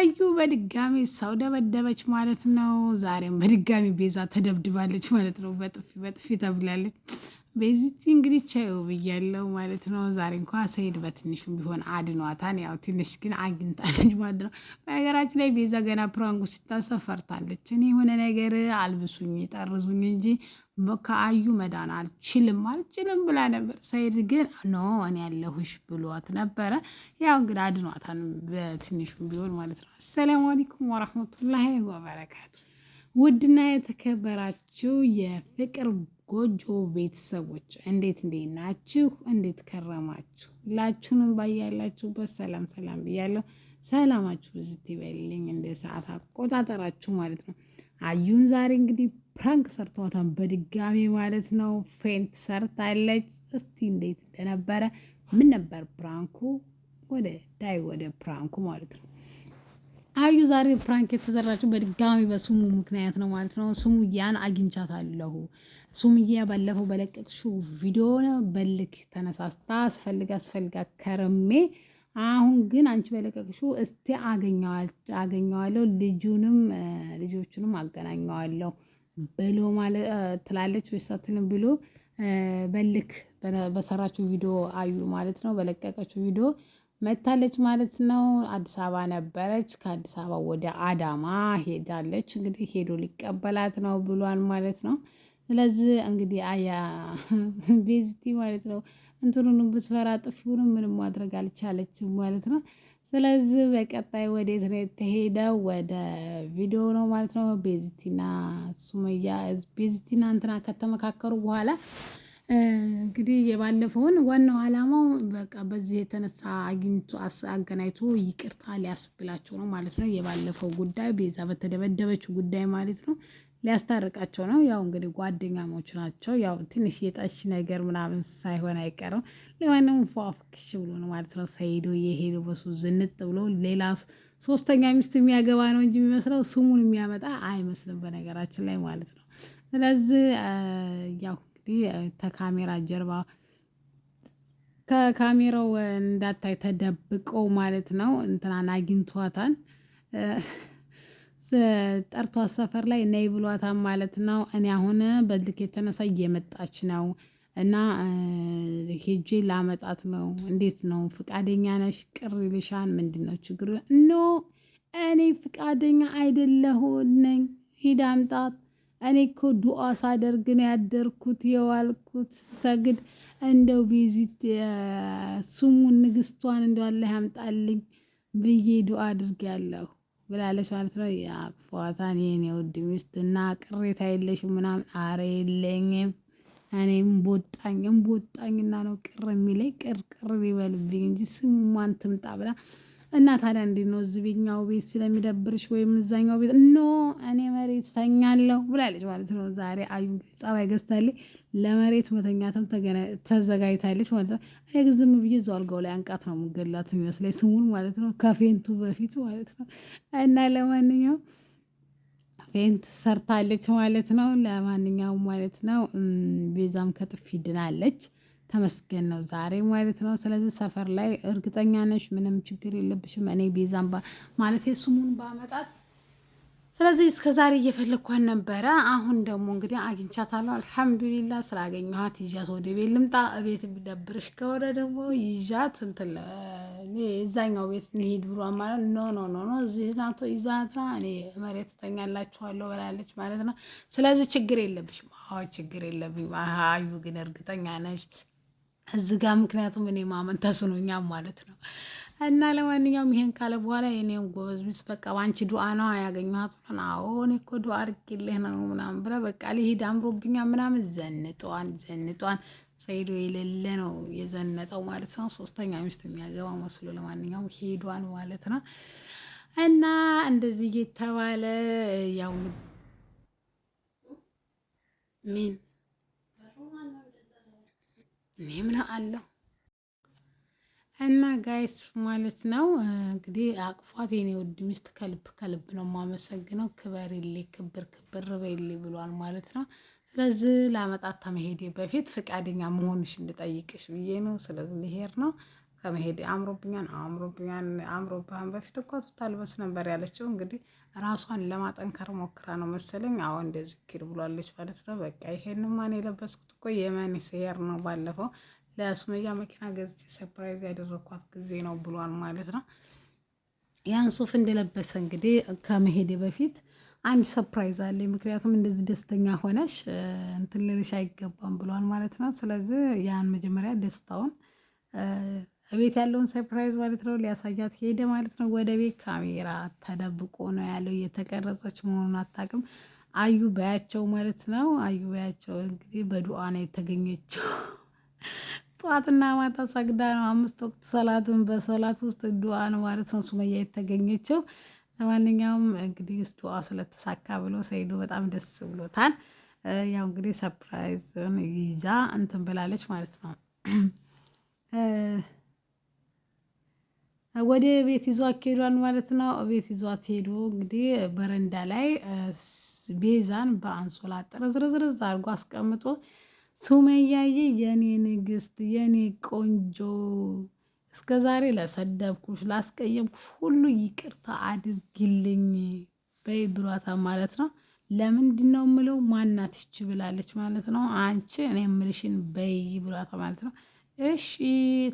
አዩ በድጋሚ ሰው ደበደበች ማለት ነው። ዛሬም በድጋሚ ቤዛ ተደብድባለች ማለት ነው። በጥፊ በጥፊ ተብላለች። ቤዚቲ እንግዲህ ቻዩ ብያለው ማለት ነው። ዛሬ እንኳ ሰይድ በትንሹም ቢሆን አድኗታን፣ ያው ትንሽ ግን አግኝታለች ማለት ነው። በነገራችን ላይ ቤዛ ገና ፕራንጉ ስታሰብ እኔ የሆነ ነገር አልብሱኝ ጠርዙኝ እንጂ ከአዩ መዳን አልችልም አልችልም ብላ ነበር። ሰይድ ግን ኖ እኔ ያለሁሽ ብሏት ነበረ። ያው እንግዲህ አድኗታን በትንሹም ቢሆን ማለት ነው። አሰላሙ አለይኩም ወረሕመቱላሂ ወበረካቱ። ውድና የተከበራችሁ የፍቅር ጎጆ ቤተሰቦች እንዴት እንዴ ናችሁ? እንዴት ከረማችሁ? ሁላችሁንም ባያላችሁበት ሰላም ሰላም ብያለሁ። ሰላማችሁ ብዝት ይበልኝ፣ እንደ ሰዓት አቆጣጠራችሁ ማለት ነው። አዩን ዛሬ እንግዲህ ፕራንክ ሰርተዋታን በድጋሚ ማለት ነው። ፌንት ሰርታለች። እስቲ እንዴት እንደነበረ ምን ነበር ፕራንኩ? ወደ ዳይ ወደ ፕራንኩ ማለት ነው። አዩ ዛሬ ፕራንክ የተዘራችው በድጋሚ በስሙ ምክንያት ነው ማለት ነው። ስሙ ያን አግኝቻታለሁ ሱምዬ ባለፈው በለቀቅሽው ቪዲዮ በልክ ተነሳስታ አስፈልግ አስፈልጋ ከርሜ አሁን ግን አንቺ በለቀቅሽው እስቲ አገኘዋለሁ ልጁንም ልጆቹንም አገናኘዋለሁ ብሎ ትላለች ወይሳትንም ብሎ በልክ በሰራችው ቪዲዮ አዩ ማለት ነው። በለቀቀችው ቪዲዮ መታለች ማለት ነው። አዲስ አበባ ነበረች። ከአዲስ አበባ ወደ አዳማ ሄዳለች። እንግዲህ ሄዶ ሊቀበላት ነው ብሏል ማለት ነው። ስለዚህ እንግዲህ አያ ቤዝቲ ማለት ነው እንትኑን ብትፈራ ጥፊውንም ምንም ማድረግ አልቻለችም ማለት ነው። ስለዚህ በቀጣይ ወዴት ነው የተሄደው? ወደ ቪዲዮ ነው ማለት ነው። ቤዝቲና ሱመያ ቤዝቲና እንትና ከተመካከሩ በኋላ እንግዲህ የባለፈውን ዋናው ዓላማው በቃ በዚህ የተነሳ አግኝቶ አገናኝቶ ይቅርታ ሊያስብላቸው ነው ማለት ነው። የባለፈው ጉዳይ ቤዛ በተደበደበችው ጉዳይ ማለት ነው። ሊያስታርቃቸው ነው። ያው እንግዲህ ጓደኛሞች ናቸው። ያው ትንሽ የጠሽ ነገር ምናምን ሳይሆን አይቀርም። ለማንም ፏፍክሽ ብሎ ነው ማለት ነው ሰይዶ የሄዶ በሱ ዝንጥ ብሎ ሌላ ሶስተኛ ሚስት የሚያገባ ነው እንጂ የሚመስለው ስሙን የሚያመጣ አይመስልም፣ በነገራችን ላይ ማለት ነው። ስለዚህ ያው እንግዲህ ተካሜራ ጀርባ ከካሜራው እንዳታይ ተደብቀው ማለት ነው እንትናን አግኝቷታን ጠርቷ ሰፈር ላይ ነይ ብሏታ ማለት ነው። እኔ አሁን በልክ የተነሳ እየመጣች ነው እና ሄጄ ላመጣት ነው። እንዴት ነው ፍቃደኛ ነሽ? ቅር ይልሻል? ምንድን ነው ችግሩ? ኖ እኔ ፍቃደኛ አይደለሁ ነኝ ሂድ አምጣት። እኔ እኮ ዱዓ ሳደርግ ነው ያደርኩት የዋልኩት ሰግድ። እንደው ቤዚት ስሙን ንግስቷን እንደዋለ ያምጣልኝ ብዬ አድርግ ያለሁ ብላለች ማለት ነው። አቅፏታን የኔ ውድ ሚስት እና ቅሬታ የለሽ ምናምን፣ አረ የለኝም እኔም ቦጣኝም ቦጣኝና ነው ቅር የሚለኝ ቅርቅር ቢበልብኝ እንጂ ስሟን ትምጣ ብላ እና ታዲያ እንዲ ነው እዚህ ቤኛው ቤት ስለሚደብርሽ ወይም እዛኛው ቤት ኖ እኔ መሬት ተኛለሁ ብላለች ማለት ነው። ዛሬ አዩ ጸባይ ገዝታለች፣ ለመሬት መተኛትም ተዘጋጅታለች ማለት ነው። እኔ ግን ዝም ብዬ እዛው አልጋው ላይ አንቃት ነው የምገላት የሚመስለኝ ስሙን ማለት ነው፣ ከፌንቱ በፊት ማለት ነው። እና ለማንኛውም ፌንት ሰርታለች ማለት ነው። ለማንኛውም ማለት ነው ቤዛም ከጥፊ ድናለች። ተመስገን ነው ዛሬ ማለት ነው። ስለዚህ ሰፈር ላይ እርግጠኛ ነሽ ምንም ችግር የለብሽም። እኔ ቤዛን ማለት ስሙን ባመጣት ስለዚህ እስከ ዛሬ እየፈለግኳን ነበረ። አሁን ደግሞ እንግዲህ አግኝቻታለሁ። አልሐምዱሊላ ስላገኘኋት ይዣት ወደ ቤት ልምጣ። ቤት ብደብርሽ ከሆነ ደግሞ ይዣት እንትን እዛኛው ቤት እንሂድ ብሎ ማለት ኖ ኖ ኖ ኖ እዚህ ናቶ ይዛትና እኔ መሬት ተኛላችኋለሁ ብላለች ማለት ነው። ስለዚህ ችግር የለብሽ። አዎ ችግር የለብኝ። አዩ ግን እርግጠኛ ነሽ እዚህ ጋ ምክንያቱም እኔ ማመን ተስኖኛል ማለት ነው። እና ለማንኛውም ይሄን ካለ በኋላ የኔ ጎበዝ ሚስት በቃ በአንቺ ዱአ ነው ያገኘኋት ብለን አሁን እኮ ዱአ አድርጌልህ ነው ምናምን ብላ በቃ ሊሄድ አምሮብኛ ምናምን ዘንጧን ዘንጧን ሰይዶ የሌለ ነው የዘነጠው ማለት ነው። ሶስተኛ ሚስት የሚያገባ መስሎ ለማንኛውም ሄዷን ማለት ነው። እና እንደዚህ እየተባለ ያው ሚን እኔ ምን አለው እና ጋይስ ማለት ነው እንግዲህ አቅፏት የኔ ውድ ሚስት ከልብ ከልብ ነው የማመሰግነው። ክበሬሌ ክብር ክብር በሌ ብሏል ማለት ነው። ስለዚህ ለመጣታ ከመሄዴ በፊት ፈቃደኛ መሆንሽ እንድጠይቅሽ ብዬ ነው። ስለዚህ ልሄድ ነው። ከመሄድ አምሮብኛን አምሮብኛን አምሮብህን በፊት እኮ ትታልበስ ነበር ያለችው። እንግዲህ ራሷን ለማጠንከር ሞክራ ነው መሰለኝ። አዎ እንደዚህ ኪር ብሏለች ማለት ነው። በቃ ይሄን ማን የለበስኩት እኮ የመን ሲሄር ነው። ባለፈው ለሱመያ መኪና ገዝቼ ሰርፕራይዝ ያደረግኳት ጊዜ ነው ብሏል ማለት ነው። ያን ሱፍ እንደለበሰ እንግዲህ ከመሄዴ በፊት አንድ ሰርፕራይዝ አለ። ምክንያቱም እንደዚህ ደስተኛ ሆነሽ እንትን ልልሽ አይገባም ብሏል ማለት ነው። ስለዚህ ያን መጀመሪያ ደስታውን እቤት ያለውን ሰርፕራይዝ ማለት ነው ሊያሳያት ሄደ ማለት ነው። ወደ ቤት ካሜራ ተደብቆ ነው ያለው እየተቀረጸች መሆኑን አታውቅም። አዩ በያቸው ማለት ነው። አዩ በያቸው እንግዲህ በዱአ ነው የተገኘችው። ጠዋትና ማታ ሰግዳ ነው አምስት ወቅት ሰላቱን በሰላት ውስጥ ዱአ ነው ማለት ነው ሱመያ የተገኘችው። ለማንኛውም እንግዲህ እስ ዱአ ስለተሳካ ብሎ ሰይዱ በጣም ደስ ብሎታል። ያው እንግዲህ ሰርፕራይዝን ይዛ እንትን ብላለች ማለት ነው። ወደ ቤት ይዟት ሄዷል ማለት ነው። ቤት ይዟት ሄዶ እንግዲህ በረንዳ ላይ ቤዛን በአንሶላ ጥረዝረዝረዝ አድርጎ አስቀምጦ ሱመያዬ፣ የኔ ንግስት፣ የኔ ቆንጆ እስከ ዛሬ ለሰደብኩሽ፣ ላስቀየምኩሽ ሁሉ ይቅርታ አድርግልኝ በይ ብሏታል ማለት ነው። ለምንድን ነው የምለው ማናት ይች ብላለች ማለት ነው። አንቺ እኔ የምልሽን በይ ብሏታል ማለት ነው። እሺ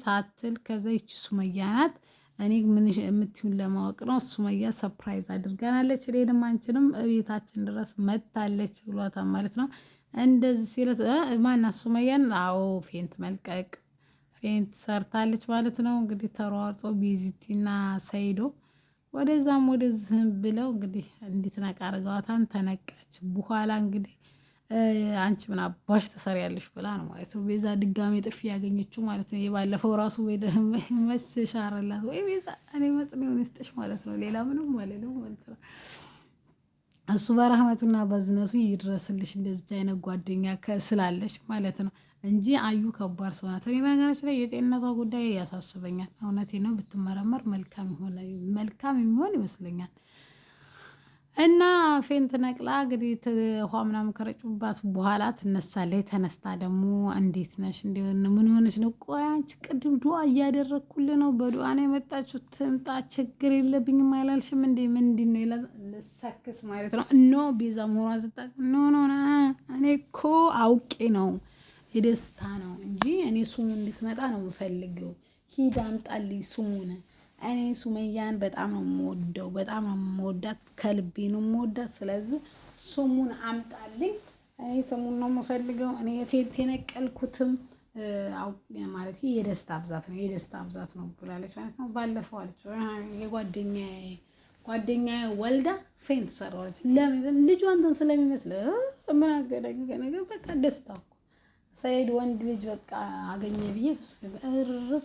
ታትል ከዛ ይች ሱመያ ናት። እኔ ምን የምትዩን ለማወቅ ነው። ሱመያ ሰፕራይዝ አድርጋናለች፣ እኔንም አንችንም እቤታችን ድረስ መታለች ብሏታ ማለት ነው። እንደዚህ ሲለት ማናት ሱመያን? አዎ ፌንት መልቀቅ ፌንት ሰርታለች ማለት ነው። እንግዲህ ተሯርጦ ቢዚቲና ሰይዶ ወደዛም ወደዚህም ብለው እንግዲህ እንዲትነቃ አድርገዋታን ተነቃች በኋላ እንግዲህ አንቺ ምን አባሽ ትሰሪያለሽ ብላ ነው ማለት ነው። ቤዛ ድጋሜ ጥፊ ያገኘችው ማለት ነው። የባለፈው ራሱ መች ሻረላት ወይ ቤዛ፣ እኔ መጽኔውን ይስጥሽ ማለት ነው። ሌላ ምንም ማለት ማለት ነው። እሱ በረህመቱና በዝነቱ ይድረስልሽ፣ እንደዚህ አይነት ጓደኛ ስላለሽ ማለት ነው እንጂ አዩ ከባድ ሰው ናት። እኔ በነገራችን ላይ የጤንነቷ ጉዳይ ያሳስበኛል። እውነቴ ነው። ብትመረመር መልካም ይሆን መልካም የሚሆን ይመስለኛል። እና ፌንት ነቅላ እንግዲህ ውሃ ምናምን ከረጩባት በኋላ ትነሳለች። ተነስታ ደግሞ እንዴት ነሽ? እንዲሆን ምን ሆነች ነው? ቆይ አንቺ ቅድም ዱዓ እያደረግኩል ነው፣ በዱዓ ነው የመጣችሁ። ትምጣ፣ ችግር የለብኝም አላልሽም እንዴ? ምንድን ነው ይላል። ልሰክስ ማለት ነው። ኖ ቤዛ መሆኗን ስታቅ፣ ኖ ኖ፣ እኔ እኮ አውቄ ነው የደስታ ነው እንጂ እኔ ሱሙ እንድትመጣ ነው የምፈልገው። ሂድ አምጣልኝ ሱሙን እኔ ሱመያን በጣም ነው የምወደው፣ በጣም ነው የምወዳት፣ ከልቤ ነው የምወዳት። ስለዚህ ስሙን አምጣልኝ፣ እኔ ስሙን ነው የምፈልገው። እኔ የፌት የነቀልኩትም ማለት የደስታ ብዛት ነው የደስታ ብዛት ነው ብላለች ማለት ነው። ባለፈው አለች የጓደኛ ጓደኛ ወልዳ ፌን ትሰራዋለች። ለምን ልጇ እንትን ስለሚመስል ምን አገዳኝ ነገር በቃ ደስታ እኮ ሰይድ ወንድ ልጅ በቃ አገኘ ብዬ ርፍ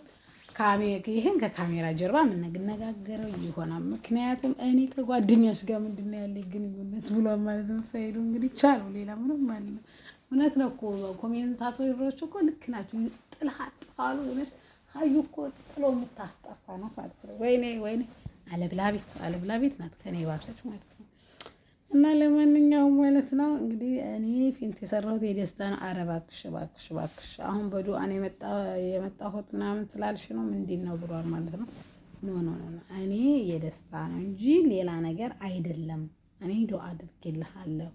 ይህን ከካሜራ ጀርባ የምንነጋገረው ይሆናል። ምክንያቱም እኔ ከጓደኛሽ ጋር ምንድን ነው ያለኝ ግንኙነት ብሏል ማለት ነው። ሳይሄዱ እንግዲህ ቻሉ ሌላ ምንም ማለት ነው። እውነት ነው እኮ ኮሜንታቶች እኮ ልክ ናቸው። ጥልሃ ጥፋሉ እውነት ሀዩ እኮ ጥሎ የምታስጠፋ ነው ማለት ነው። ወይኔ ወይኔ አለብላቤት አለብላቤት ናት ከኔ ባሰች ማለት ነው። እና ለማንኛውም ማለት ነው እንግዲህ እኔ ፊንት የሰራሁት የደስታ ነው። አረ እባክሽ እባክሽ እባክሽ አሁን በዱአን የመጣሁት ምናምን ስላልሽ ነው ምንድን ነው ብሏል ማለት ነው። ኖ ኖ ኖ እኔ የደስታ ነው እንጂ ሌላ ነገር አይደለም። እኔ ዱአ አድርግልሃለሁ።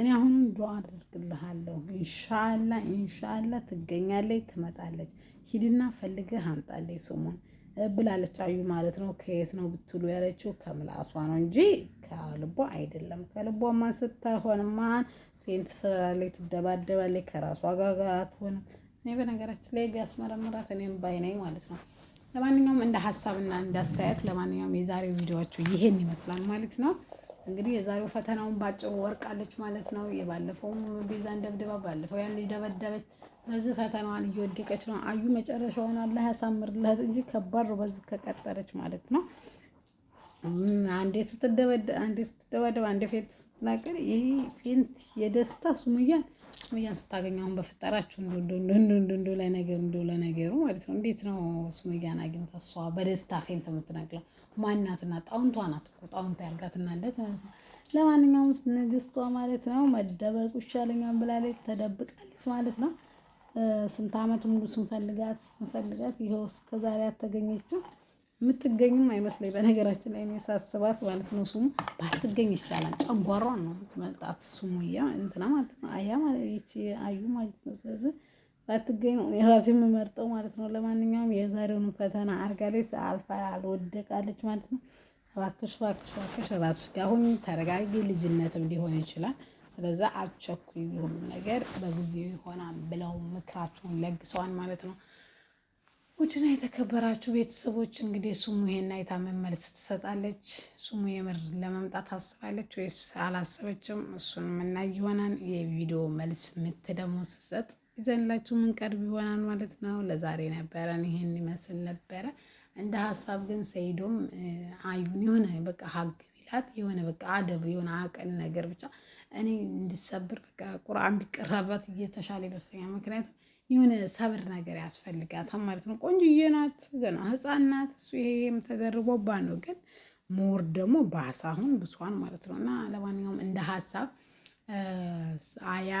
እኔ አሁን ዱአ አድርግልሃለሁ። ኢንሻላ ኢንሻላ ትገኛለች፣ ትመጣለች። ሂድና ፈልገህ አምጣለች ስሙን ብላለች አዩ ማለት ነው። ከየት ነው ብትሉ ያለችው ከምላሷ ነው እንጂ ከልቧ አይደለም። ከልቧ ማን ስታሆን ማን ፌንት ትሰራለች፣ ትደባደባለች፣ ከራሷ ጋር አትሆንም። እኔ በነገራችን ላይ ቢያስመረምራት እኔም ባይነኝ ማለት ነው። ለማንኛውም እንደ ሀሳብና እንደ አስተያየት ለማንኛውም የዛሬው ቪዲዮችሁ ይሄን ይመስላል ማለት ነው። እንግዲህ የዛሬው ፈተናውን ባጭሩ ወርቃለች ማለት ነው። የባለፈው ቤዛን ደብድባ ባለፈው ያን ደበደበች። ስለዚህ ፈተናዋን እየወደቀች ነው። አዩ መጨረሻውን አላህ ያሳምርላት እንጂ ከባድ ነው በዚህ ከቀጠረች ማለት ነው። አንዴ ስትደበደ አንዴ ስትደበደብ፣ አንዴ ፌት ስትናገር፣ ይህ ፌንት የደስታ ሱሙያን ሱሙያን ስታገኝ አሁን በፈጠራችሁ እንዶ ለነገሩ እንዶ ለነገሩ ማለት ነው። እንዴት ነው ሱሙያን አግኝታ እሷ በደስታ ፌንት የምትነግለው? ማናትና ጣውንቷ ናት እኮ ጣውንቷ ያልጋትና እንደት ማለት ነው። ለማንኛውም ንግስቷ ማለት ነው መደበቁ ይሻለኛል ብላለች፣ ተደብቃለች ማለት ነው። ስንት አመት ሙሉ ስንፈልጋት ስንፈልጋት ይኸው ዛሬ አልተገኘችም። የምትገኝም አይመስለኝ በነገራችን ላይ የሚያሳስባት ማለት ነው። ስሙ ባትገኝ ይሻላል። ጨጓሯን ነው የምትመጣት። ስሙ እያ እንትና ማለት ነው አያ ማለት ይቺ አዩ ማለት ነው። ስለዚህ ባትገኝ ነው የራሴ የምመርጠው ማለት ነው። ለማንኛውም የዛሬውን ፈተና አርጋለች፣ አልፋ አልወደቃለች ማለት ነው። እባክሽ እባክሽ እባክሽ ራስሽ ጋር ሁኚ፣ ተረጋጊ። ልጅነትም ሊሆን ይችላል ስለዛ አትቸኩይ፣ ሁሉም ነገር በጊዜው ይሆናል ብለው ምክራቸውን ለግሰዋል ማለት ነው። ውድና የተከበራችሁ ቤተሰቦች እንግዲህ ሱሙሄን አይታ መልስ ትሰጣለች። ሱሙ የምር ለመምጣት አስባለች ወይስ አላሰበችም? እሱን የምናይ ይሆናል። የቪዲዮ መልስ ምት ደግሞ ስሰጥ ይዘንላችሁ ምንቀርብ ይሆናል ማለት ነው። ለዛሬ ነበረን ይሄን ይመስል ነበረ። እንደ ሀሳብ ግን ሰይዶም አዩን የሆነ በቃ ሀግ ቢላት የሆነ በቃ አደብ የሆነ አቀል ነገር ብቻ እኔ እንድሰብር በቃ ቁርአን ቢቀራባት እየተሻለ ይመስለኛል። ምክንያቱም የሆነ ሰብር ነገር ያስፈልጋታል ማለት ነው። ቆንጆዬ ናት፣ ገና ህፃን ናት። እሱ ይሄም ተደርቦባ ነው። ግን ሞር ደግሞ ባሳሁን ብሷን ማለት ነው። እና ለማንኛውም እንደ ሀሳብ አያ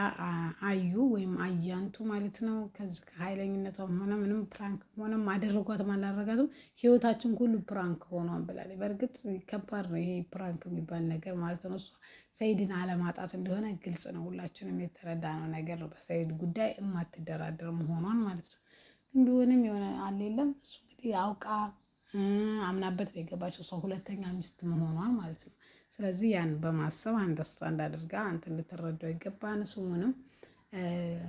አዩ ወይም አያንቱ ማለት ነው። ከዚህ ከኃይለኝነቷም ሆነ ምንም ፕራንክ ሆነም አደረጓትም አላረጋትም ህይወታችን ሁሉ ፕራንክ ሆኗን ብላለች። በእርግጥ ከባድ ነው ይሄ ፕራንክ የሚባል ነገር ማለት ነው። እሷ ሰይድን አለማጣት እንደሆነ ግልጽ ነው፣ ሁላችንም የተረዳነው ነገር ነው። በሰይድ ጉዳይ የማትደራደር መሆኗን ማለት ነው። ግን የሆነ አለ እሱ እንግዲህ አውቃ አምናበት ነው የገባቸው ሰው ሁለተኛ ሚስት መሆኗን ማለት ነው። ስለዚህ ያን በማሰብ አንደርስታንድ አድርጋ አንተ ልትረዳው ይገባን። ስሙንም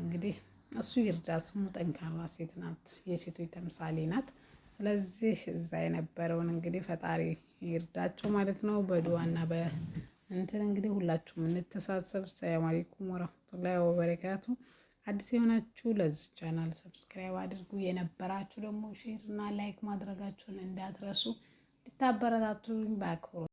እንግዲህ እሱ ይርዳ። ስሙ ጠንካራ ሴት ናት፣ የሴቶች ተምሳሌ ናት። ስለዚህ እዛ የነበረውን እንግዲህ ፈጣሪ ይርዳቸው ማለት ነው። በዱዋና በእንትን እንግዲህ ሁላችሁም እንተሳሰብ። ሰላም አለይኩም ወረህመቱላሂ ወበረካቱ። አዲስ የሆናችሁ ለዚህ ቻናል ሰብስክራይብ አድርጉ፣ የነበራችሁ ደግሞ ሼር እና ላይክ ማድረጋችሁን እንዳትረሱ። እንድታበረታቱኝ በአክብሮት